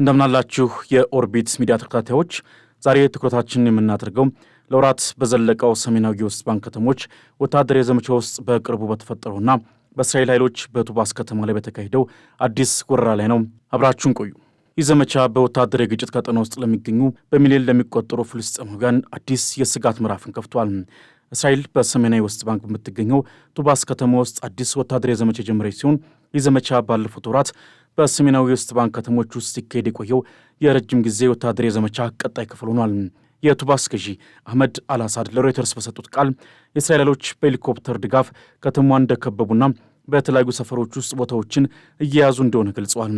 እንደምናላችሁ የኦርቢት ሚዲያ ተከታታዮች፣ ዛሬ ትኩረታችንን የምናደርገው ለወራት በዘለቀው ሰሜናዊ የዌስት ባንክ ከተሞች ወታደራዊ ዘመቻ ውስጥ በቅርቡ በተፈጠረውና በእስራኤል ኃይሎች በቱባስ ከተማ ላይ በተካሄደው አዲስ ወረራ ላይ ነው። አብራችሁን ቆዩ። ይህ ዘመቻ በወታደራዊ ግጭት ቀጠና ውስጥ ለሚገኙ በሚሊዮን ለሚቆጠሩ ፍልስጤማውያን አዲስ የስጋት ምዕራፍን ከፍቷል። እስራኤል በሰሜናዊ ውስጥ ባንክ በምትገኘው ቱባስ ከተማ ውስጥ አዲስ ወታደራዊ ዘመቻ የጀመረች ሲሆን ይህ ዘመቻ ባለፉት ወራት በሰሜናዊ ወስት ባንክ ከተሞች ውስጥ ሲካሄድ የቆየው የረጅም ጊዜ ወታደራዊ ዘመቻ ቀጣይ ክፍል ሆኗል። የቱባስ ገዢ አህመድ አልአሳድ ለሮይተርስ በሰጡት ቃል የእስራኤሎች በሄሊኮፕተር ድጋፍ ከተማዋን እንደከበቡና በተለያዩ ሰፈሮች ውስጥ ቦታዎችን እየያዙ እንደሆነ ገልጸዋል።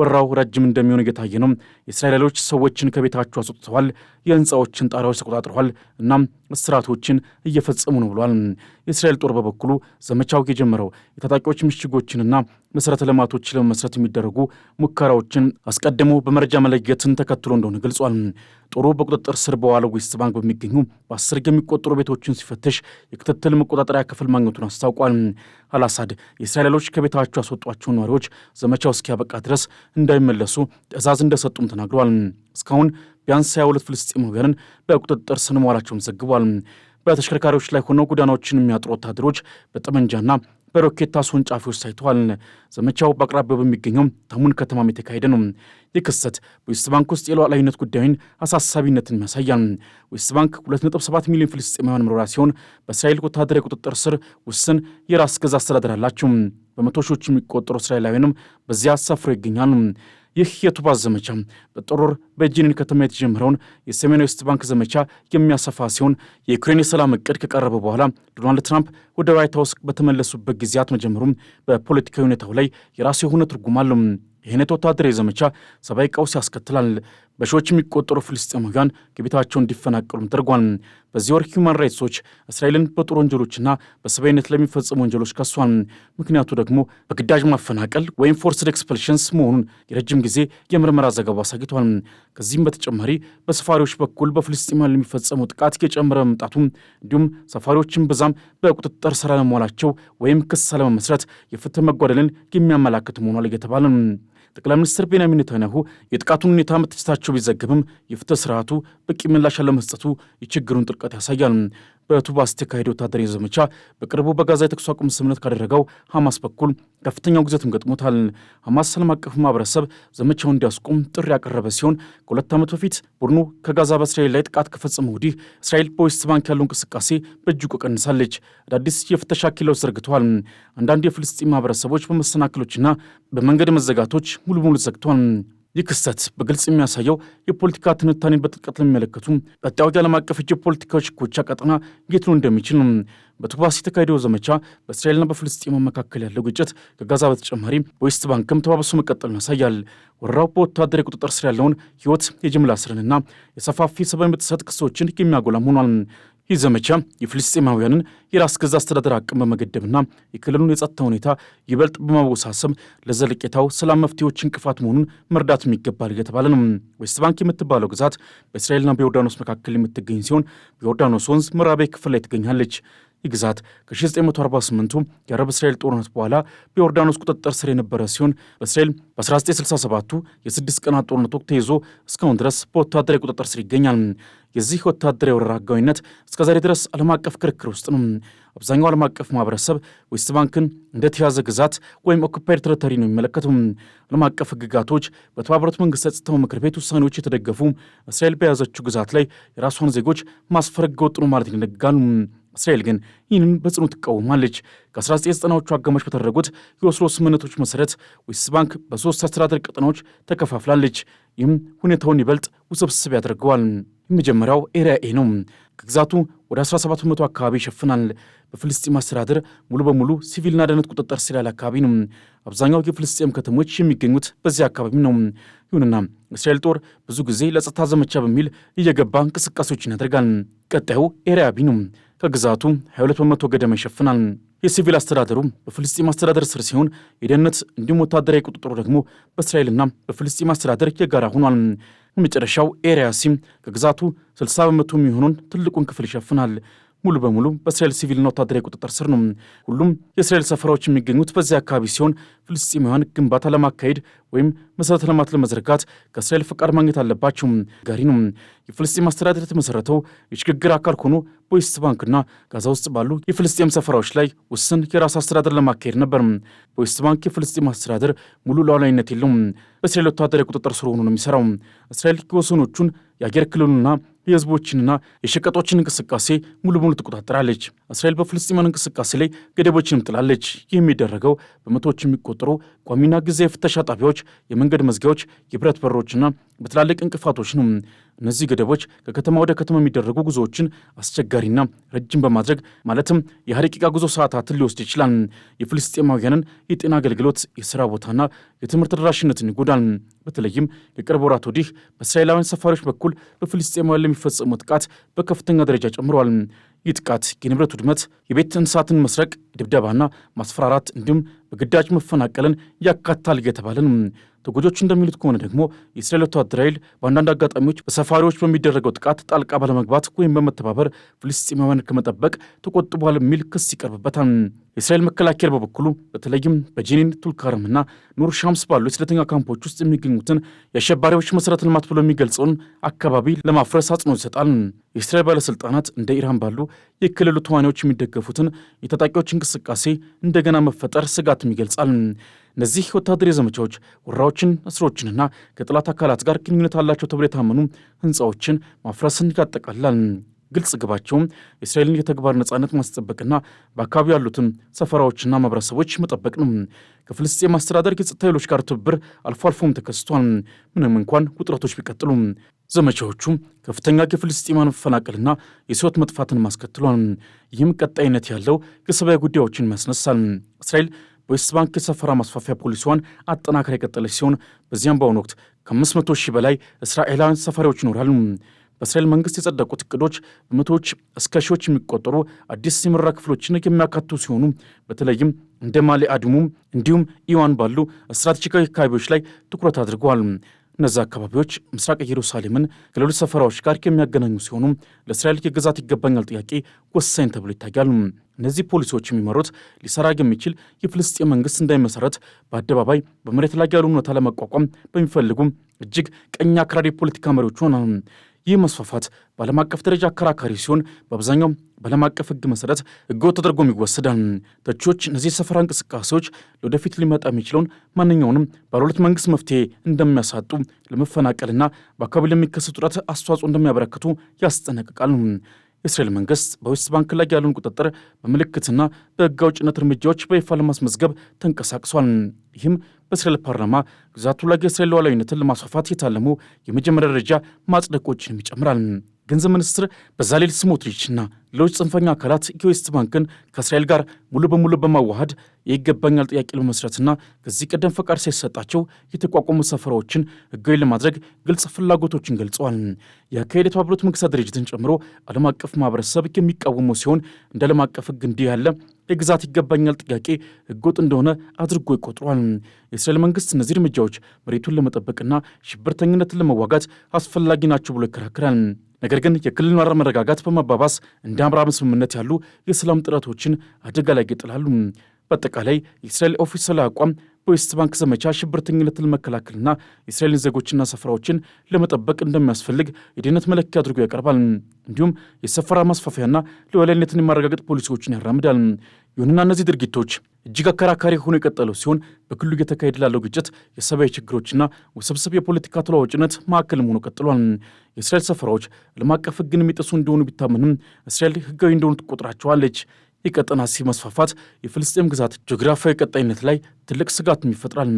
ወራው ረጅም እንደሚሆን እየታየ ነው። የእስራኤሎች ሰዎችን ከቤታቸው አስወጥተዋል፣ የህንፃዎችን ጣሪያዎች ተቆጣጥረዋል፣ እናም እስራቶችን እየፈጸሙ ነው ብሏል። የእስራኤል ጦር በበኩሉ ዘመቻው የጀመረው የታጣቂዎች ምሽጎችንና መሠረተ ልማቶችን ለመመስረት የሚደረጉ ሙከራዎችን አስቀድሞ በመረጃ መለየትን ተከትሎ እንደሆነ ገልጿል። ጦሩ በቁጥጥር ስር በዋለው ዌስት ባንክ በሚገኙ በአስር የሚቆጠሩ ቤቶችን ሲፈትሽ የክትትል መቆጣጠሪያ ክፍል ማግኘቱን አስታውቋል። አላሳድ የእስራኤሎች ከቤታቸው ያስወጧቸውን ነዋሪዎች ዘመቻው እስኪያበቃ ድረስ እንዳይመለሱ ትዕዛዝ እንደሰጡም ተናግረዋል። እስካሁን ቢያንስ 22 ፍልስጤማውያንን በቁጥጥር ስር መዋላቸውም ዘግቧል። በተሽከርካሪዎች ላይ ሆነው ጎዳናዎችን የሚያጥሩ ወታደሮች በጠመንጃና በሮኬት ጫፊዎች ታይተዋል። ዘመቻው በአቅራቢያው በሚገኘው ተሙን ከተማም የተካሄደ ነው። ይህ ክስተት በዌስት ባንክ ውስጥ የሉዓላዊነት ጉዳይን አሳሳቢነትን ያሳያል። ዌስት ባንክ 2.7 ሚሊዮን ፍልስጤማውያን መኖሪያ ሲሆን በእስራኤል ወታደራዊ ቁጥጥር ስር ውስን የራስ ገዛ አስተዳደር አላቸው። በመቶ ሺዎች የሚቆጠሩ እስራኤላውያንም በዚያ ሰፍረው ይገኛሉ። ይህ የቱባ ዘመቻ በጦር በጂኒን ከተማ የተጀመረውን የሰሜናዊ ዌስት ባንክ ዘመቻ የሚያሰፋ ሲሆን የዩክሬን የሰላም እቅድ ከቀረበ በኋላ ዶናልድ ትራምፕ ወደ ዋይት ሀውስ በተመለሱበት ጊዜያት መጀመሩም በፖለቲካዊ ሁኔታው ላይ የራሱ የሆነ ትርጉም አለው። ይህነት ወታደራዊ ዘመቻ ሰብአዊ ቀውስ ያስከትላል። በሺዎች የሚቆጠሩ ፍልስጤማውያን ከቤታቸው እንዲፈናቀሉም ተደርጓል። በዚህ ወር ሂውማን ራይትስ ዎች እስራኤልን በጦር ወንጀሎችና በሰብአዊነት ለሚፈጸሙ ወንጀሎች ከሷል። ምክንያቱ ደግሞ በግዳጅ ማፈናቀል ወይም ፎርስድ ኤክስፐልሽንስ መሆኑን የረጅም ጊዜ የምርመራ ዘገባ አሳይቷል። ከዚህም በተጨማሪ በሰፋሪዎች በኩል በፍልስጤማውያን ለሚፈጸመው ጥቃት የጨመረ መምጣቱም እንዲሁም ሰፋሪዎችን ብዛም በቁጥጥር ስር አለመዋላቸው ወይም ክስ አለመመስረት የፍትህ መጓደልን የሚያመላክት መሆኗል እየተባለ ጠቅላይ ሚኒስትር ቤንያሚን ኔታንያሁ የጥቃቱን ሁኔታ መተቸታቸው ቢዘግብም የፍትህ ስርዓቱ በቂ ምላሽ አለመስጠቱ የችግሩን ጥልቀት ያሳያል። በቱባስ የተካሄደ ወታደራዊ ዘመቻ በቅርቡ በጋዛ የተኩስ አቁም ስምምነት ካደረገው ሐማስ በኩል ከፍተኛ ውግዘትም ገጥሞታል። ሐማስ ዓለም አቀፉ ማህበረሰብ ዘመቻውን እንዲያስቆም ጥሪ ያቀረበ ሲሆን ከሁለት ዓመት በፊት ቡድኑ ከጋዛ በእስራኤል ላይ ጥቃት ከፈጸመ ወዲህ እስራኤል በዌስት ባንክ ያለው እንቅስቃሴ በእጅጉ ቀንሳለች። አዳዲስ የፍተሻ ኬላዎች ዘርግተዋል። አንዳንድ የፍልስጤም ማህበረሰቦች በመሰናክሎችና በመንገድ መዘጋቶች ሙሉ በሙሉ ዘግተዋል። ይህ ክስተት በግልጽ የሚያሳየው የፖለቲካ ትንታኔን በጥልቀት ለሚመለከቱ ቀጣዩ ዓለም አቀፍ የፖለቲካ ሽኩቻ ቀጠና ጌት ነው እንደሚችል ነው። በቱባስ የተካሄደው ዘመቻ በእስራኤልና በፍልስጤም መካከል ያለው ግጭት ከጋዛ በተጨማሪ በዌስት ባንክም ተባብሶ መቀጠሉን ያሳያል። ወረራው በወታደራዊ ቁጥጥር ስር ያለውን ህይወት የጅምላ ስርንና የሰፋፊ ሰብአዊ መጥሰት ክሶችን የሚያጎላም ሆኗል። ይህ ዘመቻ የፍልስጤማውያንን የራስ ገዛ አስተዳደር አቅም በመገደብና የክልሉን የጸጥታ ሁኔታ ይበልጥ በማወሳሰብ ለዘለቄታው ሰላም መፍትሄዎች እንቅፋት መሆኑን መርዳት የሚገባል እየተባለ ነው። ዌስት ባንክ የምትባለው ግዛት በእስራኤልና በዮርዳኖስ መካከል የምትገኝ ሲሆን በዮርዳኖስ ወንዝ ምዕራባዊ ክፍል ላይ ትገኛለች። ይህ ግዛት ከ1948ቱ የአረብ እስራኤል ጦርነት በኋላ በዮርዳኖስ ቁጥጥር ስር የነበረ ሲሆን በእስራኤል በ1967ቱ የስድስት ቀናት ጦርነት ወቅት ተይዞ እስካሁን ድረስ በወታደራዊ ቁጥጥር ስር ይገኛል። የዚህ ወታደራዊ ወረራ ህጋዊነት እስከዛሬ ድረስ ዓለም አቀፍ ክርክር ውስጥ ነው። አብዛኛው ዓለም አቀፍ ማህበረሰብ ዌስት ባንክን እንደ ተያዘ ግዛት ወይም ኦኩፓይድ ተሪተሪ ነው የሚመለከቱ። ዓለም አቀፍ ህግጋቶች በተባበሩት መንግስታት ጸጥታው ምክር ቤት ውሳኔዎች የተደገፉ እስራኤል በያዘችው ግዛት ላይ የራሷን ዜጎች ማስፈር ህገወጥ ነው ማለት ይደነግጋሉ። እስራኤል ግን ይህንን በጽኑ ትቃወማለች። ከ1990ዎቹ አጋማሽ በተደረጉት የኦስሎ ስምምነቶች መሠረት ዌስት ባንክ በሶስት አስተዳደር ቀጠናዎች ተከፋፍላለች። ይህም ሁኔታውን ይበልጥ ውስብስብ ያደርገዋል። የመጀመሪያው ኤሪያኤ ነው። ከግዛቱ ወደ 1700 አካባቢ ይሸፍናል። በፍልስጤም አስተዳደር ሙሉ በሙሉ ሲቪልና ደህንነት ቁጥጥር ስር ያለ አካባቢ ነው። አብዛኛው የፍልስጤም ከተሞች የሚገኙት በዚህ አካባቢ ነው። ይሁንና እስራኤል ጦር ብዙ ጊዜ ለጸጥታ ዘመቻ በሚል እየገባ እንቅስቃሴዎችን ያደርጋል። ቀጣዩ ኤሪያቢ ነው። ከግዛቱ 22 በመቶ ገደማ ይሸፍናል። የሲቪል አስተዳደሩ በፍልስጤም አስተዳደር ስር ሲሆን የደህንነት እንዲሁም ወታደራዊ ቁጥጥሩ ደግሞ በእስራኤልና በፍልስጤም አስተዳደር የጋራ ሆኗል። የመጨረሻው ኤሪያ ሲም ከግዛቱ 60 በመቶ የሚሆኑን ትልቁን ክፍል ይሸፍናል። ሙሉ በሙሉ በእስራኤል ሲቪልና ወታደራዊ ቁጥጥር ስር ነው። ሁሉም የእስራኤል ሰፈራዎች የሚገኙት በዚህ አካባቢ ሲሆን ፍልስጤማውያን ግንባታ ለማካሄድ ወይም መሠረተ ልማት ለመዘርጋት ከእስራኤል ፈቃድ ማግኘት አለባቸው። ጋሪ ነው የፍልስጤም አስተዳደር የተመሠረተው የሽግግር አካል ሆኖ በዌስት ባንክና ጋዛ ውስጥ ባሉ የፍልስጤም ሰፈራዎች ላይ ውስን የራስ አስተዳደር ለማካሄድ ነበር። በዌስት ባንክ የፍልስጤም አስተዳደር ሙሉ ሉዓላዊነት የለውም። በእስራኤል ወታደራዊ ቁጥጥር ስር ሆኖ ነው የሚሠራው። እስራኤል የወሰኖቹን የአየር ክልሉና የህዝቦችንና የሸቀጦችን እንቅስቃሴ ሙሉ በሙሉ ትቆጣጠራለች። እስራኤል በፍልስጤማውያን እንቅስቃሴ ላይ ገደቦችንም ጥላለች። ይህ የሚደረገው በመቶዎች የሚቆጠሩ ቋሚና ጊዜያዊ የፍተሻ ጣቢያዎች፣ የመንገድ መዝጊያዎች፣ የብረት በሮችና በትላልቅ እንቅፋቶች ነው። እነዚህ ገደቦች ከከተማ ወደ ከተማ የሚደረጉ ጉዞዎችን አስቸጋሪና ረጅም በማድረግ ማለትም የሐቂቃ ጉዞ ሰዓታትን ሊወስድ ይችላል። የፍልስጤማውያንን የጤና አገልግሎት፣ የስራ ቦታና የትምህርት ተደራሽነትን ይጎዳል። በተለይም የቅርብ ወራት ወዲህ በእስራኤላውያን ሰፋሪዎች በኩል በፍልስጤማውያን ለሚፈጸሙ ጥቃት በከፍተኛ ደረጃ ጨምረዋል። ይህ ጥቃት የንብረት ውድመት፣ የቤት እንስሳትን መስረቅ፣ ድብደባና ማስፈራራት እንዲሁም በግዳጅ መፈናቀልን ያካታል እየተባለ ነው። ተጎጆቹ እንደሚሉት ከሆነ ደግሞ የእስራኤል ወታደራዊ ኃይል በአንዳንድ አጋጣሚዎች በሰፋሪዎች በሚደረገው ጥቃት ጣልቃ ባለመግባት ወይም በመተባበር ፍልስጤማውያን ከመጠበቅ ተቆጥቧል የሚል ክስ ይቀርብበታል። የእስራኤል መከላከያ በበኩሉ በተለይም በጄኒን ቱልካረምና ኑር ሻምስ ባሉ የስደተኛ ካምፖች ውስጥ የሚገኙትን የአሸባሪዎች መሠረተ ልማት ብሎ የሚገልጸውን አካባቢ ለማፍረስ አጽንኦት ይሰጣል። የእስራኤል ባለሥልጣናት እንደ ኢራን ባሉ የክልሉ ተዋናዮች የሚደገፉትን የታጣቂዎች እንቅስቃሴ እንደገና መፈጠር ስጋትም ይገልጻል። እነዚህ ወታደራዊ ዘመቻዎች ወረራዎችን፣ እስሮችንና ከጠላት አካላት ጋር ግንኙነት አላቸው ተብሎ የታመኑ ህንፃዎችን ማፍረስን ያጠቃልላል። ግልጽ ግባቸውም የእስራኤልን የተግባር ነጻነት ማስጠበቅና በአካባቢው ያሉትን ሰፈራዎችና ማህበረሰቦች መጠበቅ ነው። ከፍልስጤም አስተዳደር የጸጥታ ኃይሎች ጋር ትብብር አልፎ አልፎም ተከስቷል። ምንም እንኳን ውጥረቶች ቢቀጥሉም ዘመቻዎቹ ከፍተኛ የፍልስጤማውያን መፈናቀልና የሰዎት መጥፋትን ማስከትሏል። ይህም ቀጣይነት ያለው የሰብአዊ ጉዳዮችን ያስነሳል። እስራኤል በዌስት ባንክ የሰፈራ ማስፋፊያ ፖሊሲዋን አጠናክራ የቀጠለች ሲሆን በዚያም በአሁኑ ወቅት ከ500 ሺህ በላይ እስራኤላውያን ሰፋሪዎች ይኖራሉ። በእስራኤል መንግስት የጸደቁት እቅዶች በመቶዎች እስከ ሺዎች የሚቆጠሩ አዲስ የመረራ ክፍሎችን የሚያካትቱ ሲሆኑ በተለይም እንደ ማሌ አድሙም እንዲሁም ኢዋን ባሉ ስትራቴጂካዊ አካባቢዎች ላይ ትኩረት አድርገዋል። እነዚህ አካባቢዎች ምስራቅ ኢየሩሳሌምን ከሌሎች ሰፈራዎች ጋር የሚያገናኙ ሲሆኑ ለእስራኤል የግዛት ይገባኛል ጥያቄ ወሳኝ ተብሎ ይታያል። እነዚህ ፖሊሲዎች የሚመሩት ሊሰራግ የሚችል የፍልስጤን መንግስት እንዳይመሰረት በአደባባይ በመሬት ላይ ያሉ ሁኔታ ለመቋቋም በሚፈልጉ እጅግ ቀኝ አክራሪ የፖለቲካ መሪዎች ሆነ ይህ መስፋፋት በዓለም አቀፍ ደረጃ አከራካሪ ሲሆን በአብዛኛው በዓለም አቀፍ ሕግ መሰረት ሕገወጥ ተደርጎም ይወሰዳል። ተቺዎች እነዚህ ሰፈራ እንቅስቃሴዎች ለወደፊት ሊመጣ የሚችለውን ማንኛውንም ባለሁለት መንግስት መፍትሄ እንደሚያሳጡ ለመፈናቀልና በአካባቢ ለሚከሰት ውጥረት አስተዋጽኦ እንደሚያበረክቱ ያስጠነቅቃል። የእስራኤል መንግስት በዌስት ባንክ ላይ ያለውን ቁጥጥር በምልክትና በህግ አውጭነት እርምጃዎች በይፋ ለማስመዝገብ ተንቀሳቅሷል። ይህም በእስራኤል ፓርላማ ግዛቱ ላይ የእስራኤል ሉዓላዊነትን ለማስፋፋት የታለሙ የመጀመሪያ ደረጃ ማጽደቆችንም ይጨምራል። ገንዘብ ሚኒስትር በዛሌል ስሞትሪችና ሌሎች ጽንፈኛ አካላት ኢትዮ ባንክን ከእስራኤል ጋር ሙሉ በሙሉ በማዋሃድ የይገባኛል ጥያቄ ለመስረትና ከዚህ ቀደም ፈቃድ ሳይሰጣቸው የተቋቋሙ ሰፈራዎችን ህጋዊ ለማድረግ ግልጽ ፍላጎቶችን ገልጸዋል። የአካሄድ የተባበሩት መንግስታት ድርጅትን ጨምሮ ዓለም አቀፍ ማህበረሰብ የሚቃወመው ሲሆን እንደ ዓለም አቀፍ ህግ እንዲህ ያለ የግዛት ይገባኛል ጥያቄ ህገወጥ እንደሆነ አድርጎ ይቆጥሯል። የእስራኤል መንግስት እነዚህ እርምጃዎች መሬቱን ለመጠበቅና ሽብርተኝነትን ለመዋጋት አስፈላጊ ናቸው ብሎ ይከራከራል። ነገር ግን የክልል መረጋጋት በማባባስ እንደ አብርሃም ስምምነት ያሉ የሰላም ጥረቶችን አደጋ ላይ ይጥላሉ። በአጠቃላይ የእስራኤል ኦፊሴላዊ አቋም በዌስት ባንክ ዘመቻ ሽብርተኝነትን መከላከልና የእስራኤልን ዜጎችና ሰፈራዎችን ለመጠበቅ እንደሚያስፈልግ የደህንነት መለኪያ አድርጎ ያቀርባል። እንዲሁም የሰፈራ ማስፋፊያና ሉዓላዊነትን የማረጋገጥ ፖሊሲዎችን ያራምዳል። ይሁንና እነዚህ ድርጊቶች እጅግ አከራካሪ ሆኖ የቀጠሉ ሲሆን በክልሉ እየተካሄደ ላለው ግጭት የሰብአዊ ችግሮችና ውስብስብ የፖለቲካ ተለዋዋጭነት ማዕከል መሆኑ ቀጥሏል። የእስራኤል ሰፈራዎች ዓለም አቀፍ ሕግን የሚጥሱ እንደሆኑ ቢታመንም እስራኤል ሕጋዊ እንደሆኑ ትቆጥራቸዋለች። የቀጠና መስፋፋት የፍልስጤም ግዛት ጂኦግራፊያዊ ቀጣይነት ላይ ትልቅ ስጋትም ይፈጥራል።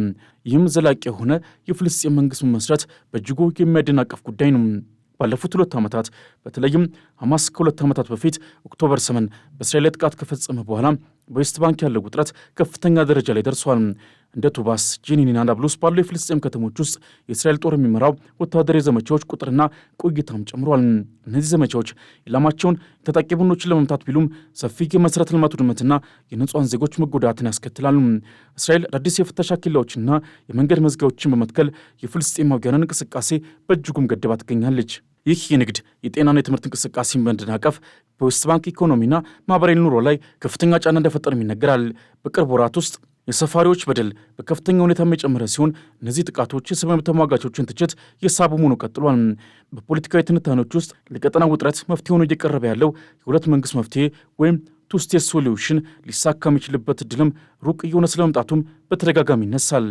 ይህም ዘላቂ የሆነ የፍልስጤም መንግስት መመስረት በእጅጉ የሚያደናቀፍ ጉዳይ ነው። ባለፉት ሁለት ዓመታት በተለይም ሐማስ ከሁለት ዓመታት በፊት ኦክቶበር ስምን በእስራኤል ላይ ጥቃት ከፈጸመ በኋላ በዌስት ባንክ ያለው ውጥረት ከፍተኛ ደረጃ ላይ ደርሷል። እንደ ቱባስ፣ ጂኒንና ናብሉስ ባሉ የፍልስጤም ከተሞች ውስጥ የእስራኤል ጦር የሚመራው ወታደራዊ ዘመቻዎች ቁጥርና ቆይታም ጨምሯል። እነዚህ ዘመቻዎች ኢላማቸውን የታጣቂ ቡድኖችን ለመምታት ቢሉም ሰፊ የመሠረተ ልማት ውድመትና የንጹሐን ዜጎች መጎዳትን ያስከትላሉ። እስራኤል አዳዲስ የፍተሻ ኬላዎችና የመንገድ መዝጊያዎችን በመትከል የፍልስጤማውያንን እንቅስቃሴ በእጅጉም ገድባ ትገኛለች። ይህ የንግድ የጤናና የትምህርት እንቅስቃሴን በንድናቀፍ በዌስት ባንክ ኢኮኖሚና ማህበራዊ ኑሮ ላይ ከፍተኛ ጫና እንደፈጠርም ይነገራል። በቅርብ ወራት ውስጥ የሰፋሪዎች በደል በከፍተኛ ሁኔታ የጨመረ ሲሆን እነዚህ ጥቃቶች የሰብአዊ መብት ተሟጋቾችን ትችት የሳቡ መሆኑ ቀጥሏል። በፖለቲካዊ ትንታኔዎች ውስጥ ለቀጠና ውጥረት መፍትሄ ሆኖ እየቀረበ ያለው የሁለት መንግስት መፍትሄ ወይም ቱ ስቴት ሶሉሽን ሊሳካ የሚችልበት እድልም ሩቅ እየሆነ ስለመምጣቱም በተደጋጋሚ ይነሳል።